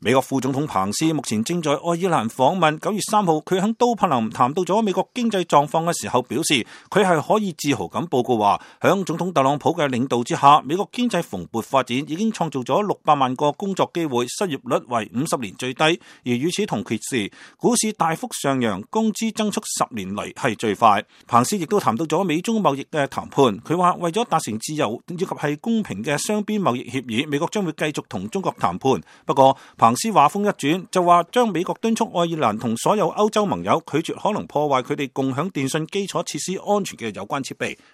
美國副總統彭斯目前正在愛爾蘭訪問。九月三號，佢喺都柏林談到咗美國經濟狀況嘅時候，表示佢係可以自豪咁報告話，響總統特朗普嘅領導之下，美國經濟蓬勃發展，已經創造咗六百萬個工作機會，失業率為五十年最低。而與此同時，股市大幅上揚，工資增速十年嚟係最快。彭斯亦都談到咗美中貿易嘅談判，佢話為咗達成自由以及係公平嘅雙邊貿易協議，美國將會繼續同中國談判。不過彭。彭斯話風一轉，就話將美國敦促愛爾蘭同所有歐洲盟友拒絕可能破壞佢哋共享電信基礎設施安全嘅有關設備。